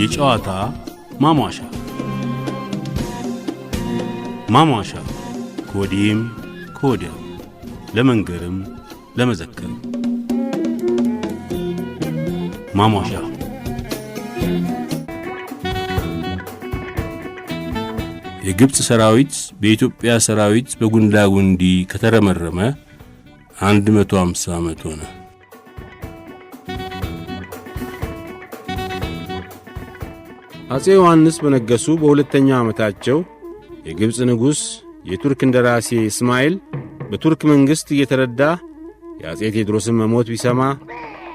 የጨዋታ ማሟሻ ማሟሻ ከወዲህም ከወዲያም ለመንገርም ለመዘከርም ማሟሻ የግብፅ ሰራዊት በኢትዮጵያ ሰራዊት በጉንዳጉንዲ ከተረመረመ 150 ዓመት ሆነ። አፄ ዮሐንስ በነገሱ በሁለተኛው ዓመታቸው የግብፅ ንጉሥ የቱርክ እንደራሴ እስማኤል በቱርክ መንግሥት እየተረዳ የአፄ ቴዎድሮስን መሞት ቢሰማ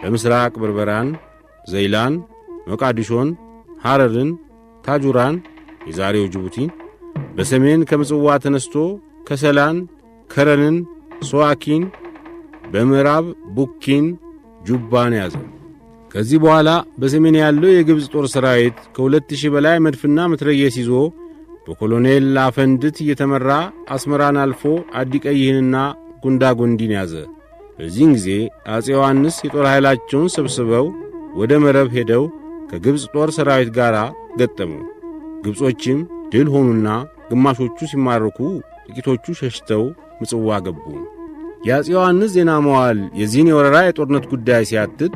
በምሥራቅ በርበራን፣ ዘይላን፣ ሞቃዲሾን፣ ሐረርን፣ ታጁራን የዛሬው ጅቡቲን በሰሜን ከምጽዋ ተነስቶ ከሰላን፣ ከረንን፣ ሶዋኪን በምዕራብ ቡኪን ጁባን ያዘ። ከዚህ በኋላ በሰሜን ያለው የግብፅ ጦር ሠራዊት ከ2000 በላይ መድፍና መትረየስ ይዞ በኮሎኔል ላፈንድት እየተመራ አስመራን አልፎ አዲቀይህንና ጉንዳጉንዲን ያዘ። በዚህን ጊዜ አፄ ዮሐንስ የጦር ኃይላቸውን ሰብስበው ወደ መረብ ሄደው ከግብፅ ጦር ሠራዊት ጋር ገጠሙ። ግብጾችም ድል ሆኑና ግማሾቹ ሲማረኩ፣ ጥቂቶቹ ሸሽተው ምጽዋ ገቡ። የአፄ ዮሐንስ ዜና መዋል የዚህን የወረራ የጦርነት ጉዳይ ሲያትት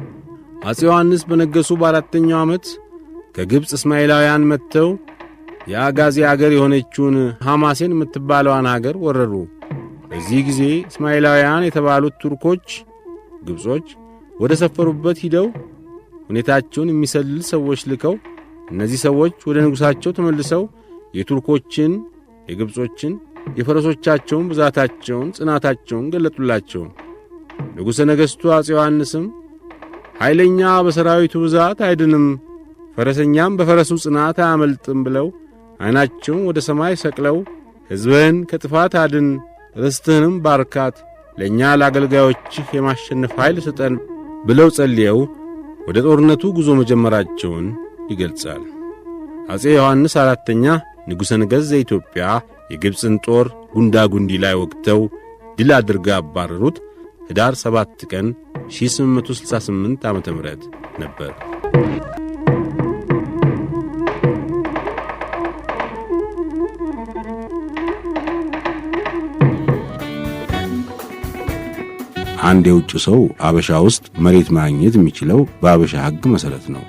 አፄ ዮሐንስ በነገሱ በአራተኛው ዓመት ከግብፅ እስማኤላውያን መጥተው የአጋዜ አገር የሆነችውን ሐማሴን የምትባለዋን አገር ወረሩ። በዚህ ጊዜ እስማኤላውያን የተባሉት ቱርኮች፣ ግብጾች ወደ ሰፈሩበት ሂደው ሁኔታቸውን የሚሰልል ሰዎች ልከው እነዚህ ሰዎች ወደ ንጉሣቸው ተመልሰው የቱርኮችን፣ የግብጾችን፣ የፈረሶቻቸውን ብዛታቸውን፣ ጽናታቸውን ገለጡላቸው። ንጉሠ ነገሥቱ አፄ ዮሐንስም ኃይለኛ በሰራዊቱ ብዛት አይድንም፣ ፈረሰኛም በፈረሱ ጽናት አያመልጥም ብለው ዐይናቸውን ወደ ሰማይ ሰቅለው ሕዝብህን ከጥፋት አድን፣ ርስትህንም ባርካት፣ ለእኛ ለአገልጋዮችህ የማሸነፍ ኃይል ስጠን ብለው ጸልየው ወደ ጦርነቱ ጉዞ መጀመራቸውን ይገልጻል። አፄ ዮሐንስ አራተኛ ንጉሠ ነገሥት ዘኢትዮጵያ የግብፅን ጦር ጉንዲ ላይ ወግተው ድል አድርገ አባረሩት። ህዳር 7 ቀን 1868 ም ነበር። አንድ የውጭ ሰው አበሻ ውስጥ መሬት ማግኘት የሚችለው በአበሻ ሕግ መሰረት ነው።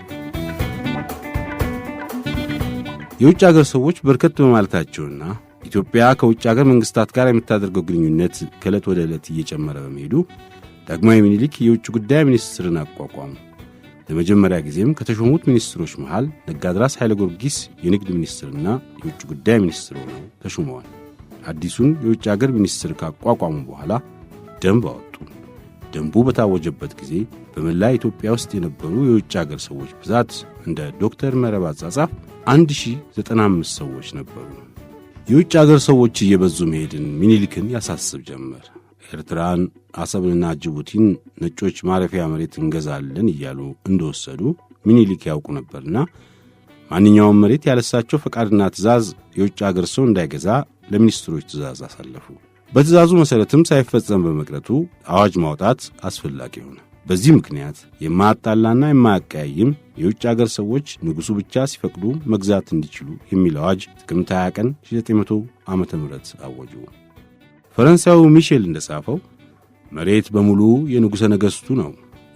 የውጭ አገር ሰዎች በርከት በማለታቸውና ኢትዮጵያ ከውጭ ሀገር መንግስታት ጋር የምታደርገው ግንኙነት ከዕለት ወደ ዕለት እየጨመረ በመሄዱ ዳግማዊ ምኒልክ የውጭ ጉዳይ ሚኒስትርን አቋቋሙ። ለመጀመሪያ ጊዜም ከተሾሙት ሚኒስትሮች መሃል ነጋድራስ ኃይለ ጊዮርጊስ የንግድ ሚኒስትርና የውጭ ጉዳይ ሚኒስትር ሆነው ተሹመዋል። አዲሱን የውጭ አገር ሚኒስትር ካቋቋሙ በኋላ ደንብ አወጡ። ደንቡ በታወጀበት ጊዜ በመላ ኢትዮጵያ ውስጥ የነበሩ የውጭ አገር ሰዎች ብዛት እንደ ዶክተር መረብ አጻጻፍ 1095 ሰዎች ነበሩ። የውጭ አገር ሰዎች እየበዙ መሄድን ሚኒሊክን ያሳስብ ጀመር። ኤርትራን፣ አሰብንና ጅቡቲን ነጮች ማረፊያ መሬት እንገዛለን እያሉ እንደወሰዱ ሚኒሊክ ያውቁ ነበርና ማንኛውም መሬት ያለሳቸው ፈቃድና ትእዛዝ የውጭ አገር ሰው እንዳይገዛ ለሚኒስትሮች ትእዛዝ አሳለፉ። በትእዛዙ መሠረትም ሳይፈጸም በመቅረቱ አዋጅ ማውጣት አስፈላጊ ሆነ። በዚህ ምክንያት የማያጣላና የማያቀያይም የውጭ አገር ሰዎች ንጉሡ ብቻ ሲፈቅዱ መግዛት እንዲችሉ የሚል አዋጅ ጥቅምት 20 ቀን 1900 ዓ ም አወጁ። ፈረንሳዩ ሚሼል እንደጻፈው መሬት በሙሉ የንጉሠ ነገሥቱ ነው፣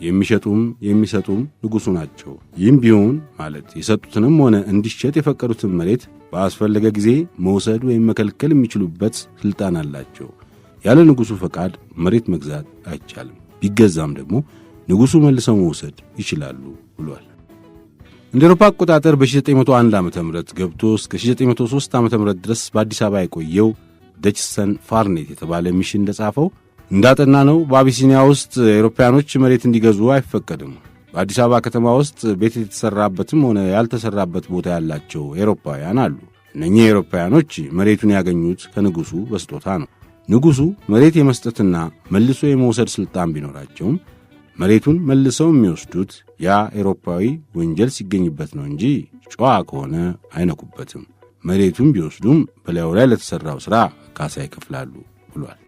የሚሸጡም የሚሰጡም ንጉሡ ናቸው። ይህም ቢሆን ማለት የሰጡትንም ሆነ እንዲሸጥ የፈቀዱትን መሬት በአስፈለገ ጊዜ መውሰድ ወይም መከልከል የሚችሉበት ሥልጣን አላቸው። ያለ ንጉሡ ፈቃድ መሬት መግዛት አይቻልም። ቢገዛም ደግሞ ንጉሡ መልሰው መውሰድ ይችላሉ ብሏል። እንደ አውሮፓ አቆጣጠር በ1901 ዓ ም ገብቶ እስከ 1903 ዓ ም ድረስ በአዲስ አበባ የቆየው ደችሰን ፋርኔት የተባለ ሚሽን እንደጻፈው እንዳጠና ነው በአቢሲኒያ ውስጥ ኤሮፓያኖች መሬት እንዲገዙ አይፈቀድም። በአዲስ አበባ ከተማ ውስጥ ቤት የተሠራበትም ሆነ ያልተሠራበት ቦታ ያላቸው ኤሮፓውያን አሉ። እነኚህ ኤሮፓውያኖች መሬቱን ያገኙት ከንጉሡ በስጦታ ነው። ንጉሡ መሬት የመስጠትና መልሶ የመውሰድ ሥልጣን ቢኖራቸውም መሬቱን መልሰው የሚወስዱት ያ አውሮፓዊ ወንጀል ሲገኝበት ነው እንጂ ጨዋ ከሆነ አይነኩበትም። መሬቱን ቢወስዱም በላዩ ላይ ለተሠራው ሥራ ካሳ ይከፍላሉ ብሏል።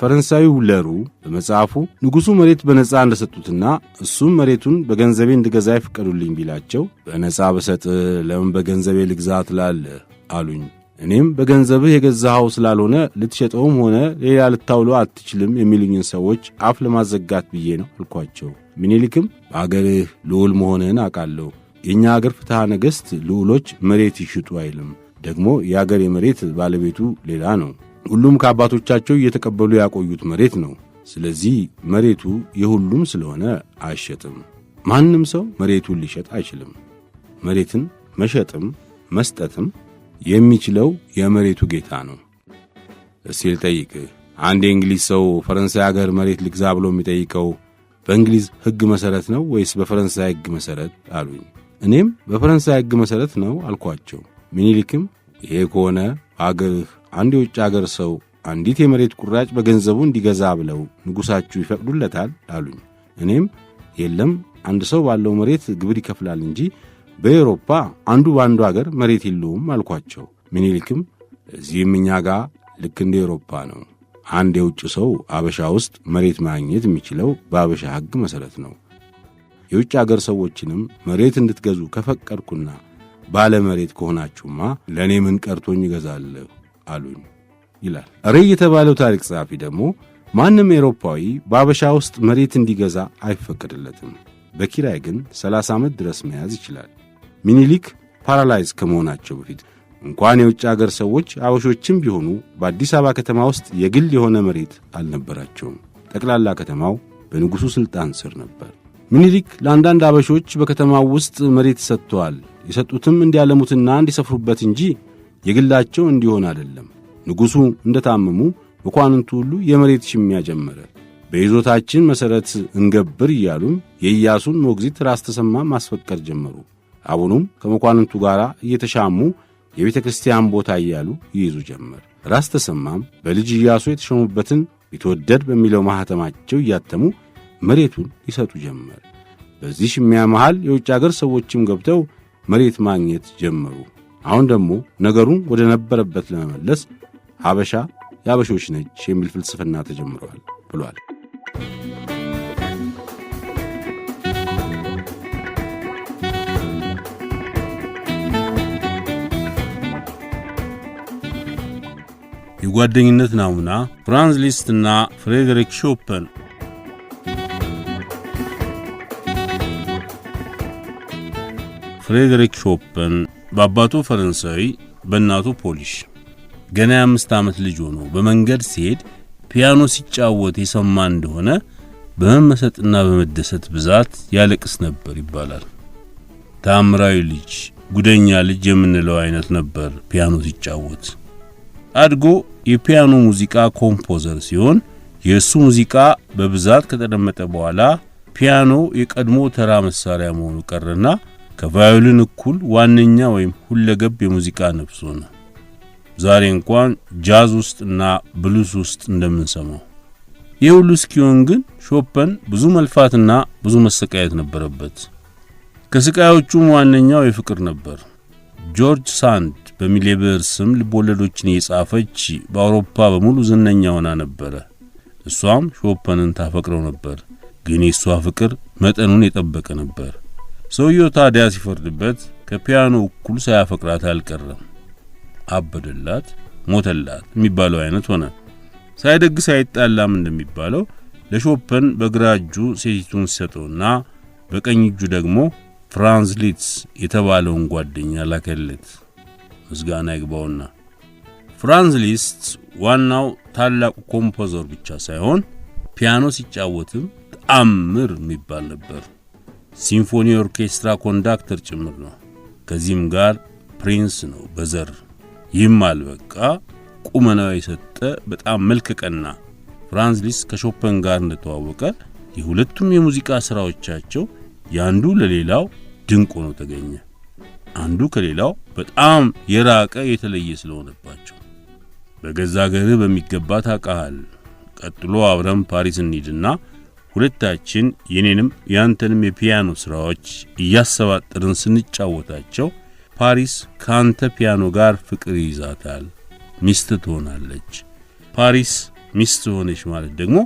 ፈረንሳዊው ለሩ በመጽሐፉ ንጉሡ መሬት በነፃ እንደሰጡትና እሱም መሬቱን በገንዘቤ እንድገዛ ይፍቀዱልኝ ቢላቸው በነፃ በሰጥ ለምን በገንዘቤ ልግዛ ትላለህ አሉኝ እኔም በገንዘብህ የገዛኸው ስላልሆነ ልትሸጠውም ሆነ ሌላ ልታውሎ አትችልም የሚሉኝን ሰዎች አፍ ለማዘጋት ብዬ ነው አልኳቸው። ምኒልክም በአገርህ ልዑል መሆንህን አውቃለሁ። የእኛ አገር ፍትሐ ነገሥት ልዑሎች መሬት ይሽጡ አይልም። ደግሞ የአገር የመሬት ባለቤቱ ሌላ ነው። ሁሉም ከአባቶቻቸው እየተቀበሉ ያቆዩት መሬት ነው። ስለዚህ መሬቱ የሁሉም ስለሆነ አይሸጥም። ማንም ሰው መሬቱን ሊሸጥ አይችልም። መሬትን መሸጥም መስጠትም የሚችለው የመሬቱ ጌታ ነው። እስቲ ልጠይቅ፣ አንድ የእንግሊዝ ሰው ፈረንሳይ አገር መሬት ልግዛ ብሎ የሚጠይቀው በእንግሊዝ ሕግ መሠረት ነው ወይስ በፈረንሳይ ሕግ መሠረት አሉኝ። እኔም በፈረንሳይ ሕግ መሠረት ነው አልኳቸው። ምኒልክም ይሄ ከሆነ አገርህ አንድ የውጭ አገር ሰው አንዲት የመሬት ቁራጭ በገንዘቡ እንዲገዛ ብለው ንጉሳችሁ ይፈቅዱለታል አሉኝ። እኔም የለም አንድ ሰው ባለው መሬት ግብር ይከፍላል እንጂ በኤውሮፓ አንዱ በአንዱ አገር መሬት የለውም አልኳቸው። ምኒልክም እዚህም እኛ ጋ ልክ እንደ ኤውሮፓ ነው። አንድ የውጭ ሰው አበሻ ውስጥ መሬት ማግኘት የሚችለው በአበሻ ሕግ መሠረት ነው። የውጭ አገር ሰዎችንም መሬት እንድትገዙ ከፈቀድኩና ባለ መሬት ከሆናችሁማ ለእኔ ምን ቀርቶኝ ይገዛለሁ አሉኝ ይላል። ሬይ የተባለው ታሪክ ጸሐፊ ደግሞ ማንም ኤውሮፓዊ በአበሻ ውስጥ መሬት እንዲገዛ አይፈቀድለትም። በኪራይ ግን 30 ዓመት ድረስ መያዝ ይችላል። ሚኒሊክ ፓራላይዝ ከመሆናቸው በፊት እንኳን የውጭ አገር ሰዎች አበሾችም ቢሆኑ በአዲስ አበባ ከተማ ውስጥ የግል የሆነ መሬት አልነበራቸውም። ጠቅላላ ከተማው በንጉሡ ሥልጣን ስር ነበር። ሚኒሊክ ለአንዳንድ አበሾች በከተማው ውስጥ መሬት ሰጥተዋል። የሰጡትም እንዲያለሙትና እንዲሰፍሩበት እንጂ የግላቸው እንዲሆን አይደለም። ንጉሡ እንደ ታመሙ መኳንንቱ ሁሉ የመሬት ሽሚያ ጀመረ። በይዞታችን መሠረት እንገብር እያሉም የኢያሱን ሞግዚት ራስ ተሰማ ማስፈቀድ ጀመሩ። አቡኑም ከመኳንንቱ ጋር እየተሻሙ የቤተ ክርስቲያን ቦታ እያሉ ይይዙ ጀመር። ራስ ተሰማም በልጅ ኢያሱ የተሾሙበትን ቢትወደድ በሚለው ማኅተማቸው እያተሙ መሬቱን ይሰጡ ጀመር። በዚህ ሽሚያ መሃል የውጭ አገር ሰዎችም ገብተው መሬት ማግኘት ጀመሩ። አሁን ደግሞ ነገሩን ወደ ነበረበት ለመመለስ ሀበሻ የአበሾች ነች የሚል ፍልስፍና ተጀምረዋል ብሏል። የጓደኝነት ናሙና ፍራንስ ሊስት እና ፍሬዴሪክ ሾፐን ፍሬዴሪክ ሾፐን በአባቱ ፈረንሳዊ በእናቱ ፖሊሽ ገና የአምስት ዓመት ልጅ ሆኖ በመንገድ ሲሄድ ፒያኖ ሲጫወት የሰማ እንደሆነ በመመሰጥና በመደሰት ብዛት ያለቅስ ነበር ይባላል። ታምራዊ ልጅ፣ ጉደኛ ልጅ የምንለው አይነት ነበር ፒያኖ ሲጫወት። አድጎ የፒያኖ ሙዚቃ ኮምፖዘር ሲሆን የእሱ ሙዚቃ በብዛት ከተደመጠ በኋላ ፒያኖ የቀድሞ ተራ መሳሪያ መሆኑ ቀረና ከቫዮሊን እኩል ዋነኛ ወይም ሁለገብ የሙዚቃ ነፍስ ነው። ዛሬ እንኳን ጃዝ ውስጥና ብሉስ ውስጥ እንደምንሰማው። ይህ ሁሉ እስኪሆን ግን ሾፐን ብዙ መልፋትና ብዙ መሰቃየት ነበረበት። ከስቃዮቹም ዋነኛው የፍቅር ነበር። ጆርጅ ሳንድ በሚሌ ብዕር ስም ልቦለዶችን የጻፈች በአውሮፓ በሙሉ ዝነኛ ሆና ነበረ። እሷም ሾፐንን ታፈቅረው ነበር፣ ግን የእሷ ፍቅር መጠኑን የጠበቀ ነበር። ሰውየው ታዲያ ሲፈርድበት ከፒያኖ እኩል ሳያፈቅራት አልቀረም። አበደላት፣ ሞተላት የሚባለው አይነት ሆነ። ሳይደግስ አይጣላም እንደሚባለው ለሾፐን በግራ እጁ ሴቲቱን ሲሰጠውና በቀኝ እጁ ደግሞ ፍራንዝ ሊትስ የተባለውን ጓደኛ ላከለት። ምስጋና ይግባውና ፍራንዝ ሊስት ዋናው ታላቁ ኮምፖዘር ብቻ ሳይሆን ፒያኖ ሲጫወትም ተአምር የሚባል ነበር። ሲምፎኒ ኦርኬስትራ ኮንዳክተር ጭምር ነው። ከዚህም ጋር ፕሪንስ ነው በዘር ይህም አልበቃ ቁመናው የሰጠ በጣም መልከ ቀና ፍራንዝ ሊስት ከሾፐን ጋር እንደተዋወቀ የሁለቱም የሙዚቃ ሥራዎቻቸው ያንዱ ለሌላው ድንቅ ሆኖ ተገኘ። አንዱ ከሌላው በጣም የራቀ የተለየ ስለሆነባቸው በገዛ አገርህ በሚገባ ታውቃሃል። ቀጥሎ አብረን ፓሪስ እንሂድና ሁለታችን የኔንም ያንተንም የፒያኖ ሥራዎች እያሰባጠርን ስንጫወታቸው ፓሪስ ከአንተ ፒያኖ ጋር ፍቅር ይይዛታል፣ ሚስት ትሆናለች። ፓሪስ ሚስት ሆነች ማለት ደግሞ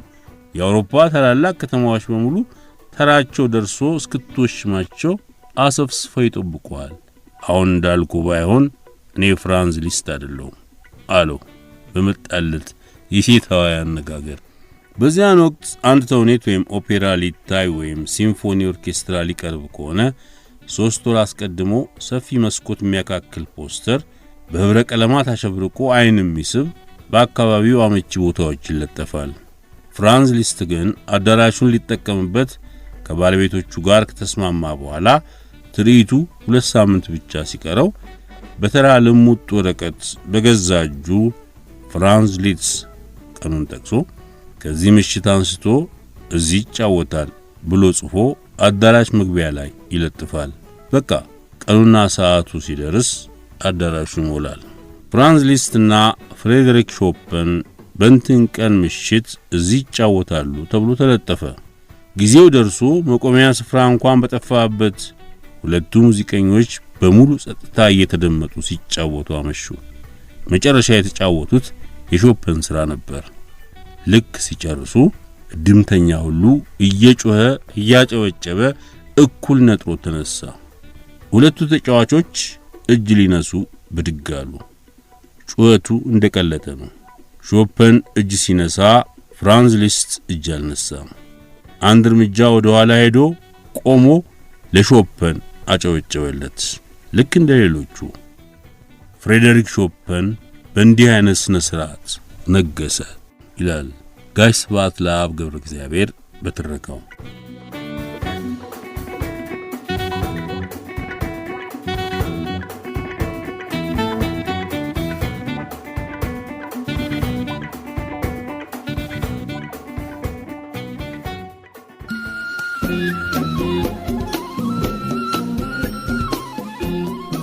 የአውሮፓ ታላላቅ ከተማዎች በሙሉ ተራቸው ደርሶ እስክትወሽማቸው አሰፍስፈው ይጠብቀዋል። አሁን እንዳልኩ ባይሆን እኔ ፍራንዝ ሊስት አይደለሁም አለው በመጣለት የሴታዊ አነጋገር። በዚያን ወቅት አንድ ተውኔት ወይም ኦፔራ ሊታይ ወይም ሲምፎኒ ኦርኬስትራ ሊቀርብ ከሆነ ሦስት ወር አስቀድሞ ሰፊ መስኮት የሚያካክል ፖስተር በኅብረ ቀለማት አሸብርቆ ዐይን የሚስብ በአካባቢው አመቺ ቦታዎች ይለጠፋል። ፍራንዝ ሊስት ግን አዳራሹን ሊጠቀምበት ከባለቤቶቹ ጋር ከተስማማ በኋላ ትርኢቱ ሁለት ሳምንት ብቻ ሲቀረው በተራ ልሙጥ ወረቀት በገዛ እጁ ፍራንዝ ሊትስ ቀኑን ጠቅሶ ከዚህ ምሽት አንስቶ እዚህ ይጫወታል ብሎ ጽፎ አዳራሽ መግቢያ ላይ ይለጥፋል። በቃ ቀኑና ሰዓቱ ሲደርስ አዳራሹ ይሞላል። ፍራንስ ሊስትና ፍሬድሪክ ሾፐን በእንትን ቀን ምሽት እዚህ ይጫወታሉ ተብሎ ተለጠፈ። ጊዜው ደርሶ መቆሚያ ስፍራ እንኳን በጠፋበት ሁለቱ ሙዚቀኞች በሙሉ ጸጥታ እየተደመጡ ሲጫወቱ አመሹ። መጨረሻ የተጫወቱት የሾፐን ስራ ነበር። ልክ ሲጨርሱ እድምተኛ ሁሉ እየጮኸ እያጨበጨበ እኩል ነጥሮ ተነሳ። ሁለቱ ተጫዋቾች እጅ ሊነሱ ብድግ አሉ። ጩኸቱ እንደቀለጠ ነው። ሾፐን እጅ ሲነሳ ፍራንዝ ሊስት እጅ አልነሳም። አንድ እርምጃ ወደ ኋላ ሄዶ ቆሞ ለሾፐን አጨወጨወለት። ልክ እንደ ሌሎቹ ፍሬደሪክ ሾፐን በእንዲህ አይነት ስነ ስርዓት ነገሰ ይላል ጋሽ ስብሐት ለአብ ገብረ እግዚአብሔር በትረካው።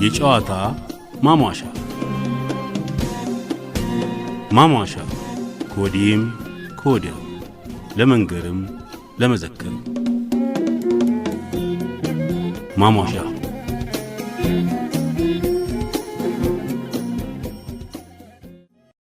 የጨዋታ ማሟሻ ማሟሻ ከወዲህም ከወዲያም ለመንገርም ለመዘከርም ማሟሻ